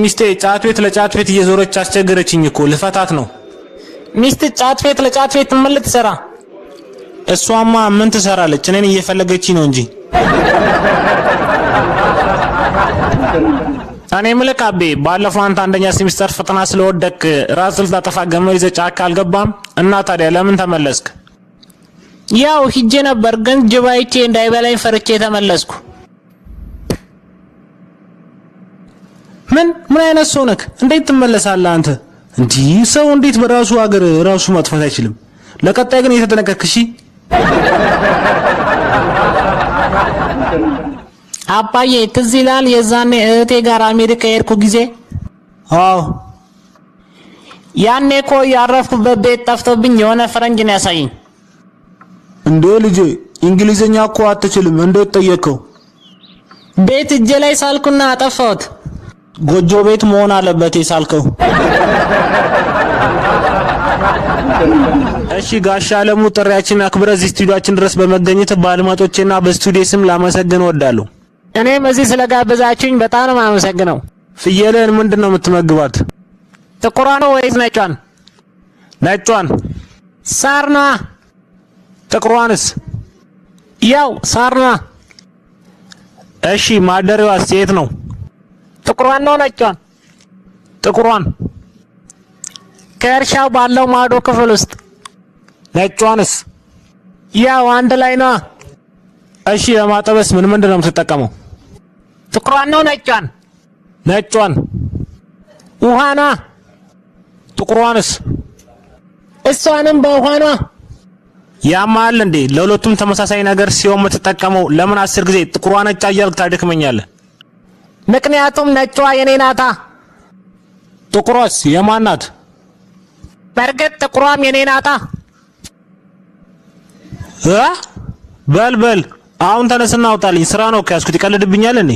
ሚስቴ ጫት ቤት ለጫት ቤት እየዞረች አስቸገረችኝ እኮ ልፈታት ነው። ሚስት ጫት ቤት ለጫት ቤት ምን ልትሰራ? እሷማ ምን ትሰራለች? እኔን እየፈለገችኝ ነው እንጂ። እኔ ምልክ አቤ፣ ባለፈው አንተ አንደኛ ሴሚስተር ፈተና ስለወደቅ ራስ ልታጠፋ ገመድ ይዘህ ጫካ አልገባም እና ታዲያ ለምን ተመለስክ? ያው ሂጄ ነበር፣ ግን ጅብ እንዳይበላኝ ፈርቼ ተመለስኩ። ምን ምን አይነት ሰው ነክ? እንዴት ትመለሳለህ አንተ? እንዲህ ሰው እንዴት በራሱ ሀገር ራሱ ማጥፋት አይችልም? ለቀጣይ ግን እየተጠነቀቅክ እሺ። አባዬ ትዝ ይላል የዛኔ እህቴ ጋር አሜሪካ የሄድኩ ጊዜ? አዎ። ያኔ እኮ ያረፍኩበት ቤት ጠፍቶብኝ የሆነ ፈረንጅ ነው ያሳየኝ። እንዴ ልጄ እንግሊዝኛ እኮ አትችልም፣ እንዴት ጠየቀው? ቤት እጄ ላይ ሳልኩና አጠፋሁት። ጎጆ ቤት መሆን አለበት የሳልከው። እሺ ጋሻ አለሙ ጥሪያችን አክብረ እዚህ ስቱዲዮአችን ድረስ በመገኘት በአድማጮቼና በስቱዲዮ ስም ላመሰግን እወዳለሁ። እኔም እዚህ ስለጋበዛችሁኝ በጣም ነው የማመሰግነው። ፍየልን ምንድን ነው የምትመግባት? ጥቁሯን ወይስ ነጯን? ነጯን። ሳር ነዋ። ጥቁሯንስ? ያው ሳር ነዋ። እሺ ማደሪያዋስ የት ነው? ጥቁሯን ነው ነጯን? ጥቁሯን ከእርሻው ባለው ማዶ ክፍል ውስጥ ነጯንስ? ያው አንድ ላይ ነዋ። እሺ ለማጠበስ ምን ምንድን ነው የምትጠቀመው? ጥቁሯን ነው ነጯን? ነጯን። ውሃ ነዋ። ጥቁሯንስ? እሷንም በውሃ ነዋ። ያማል እንዴ? ለሁለቱም ተመሳሳይ ነገር ሲሆን የምትጠቀመው ለምን አስር ጊዜ ጥቁሯ ነጫ እያልክ ታደክመኛለህ? ምክንያቱም ነጯ የኔ ናታ። ጥቁሯስ የማን ናት? በእርግጥ ጥቁሯም የኔ ናታ። በል በል አሁን ተነስና አውጣልኝ። ስራ ነው ከያዝኩት። ይቀልድብኛል እኔ